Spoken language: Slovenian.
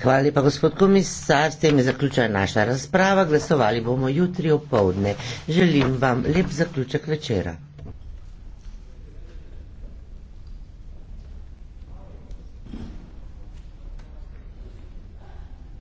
Hvala lepa, gospod komisar. S tem je zaključena naša razprava. Glasovali bomo jutri o povdne. Želim vam lep zaključek večera.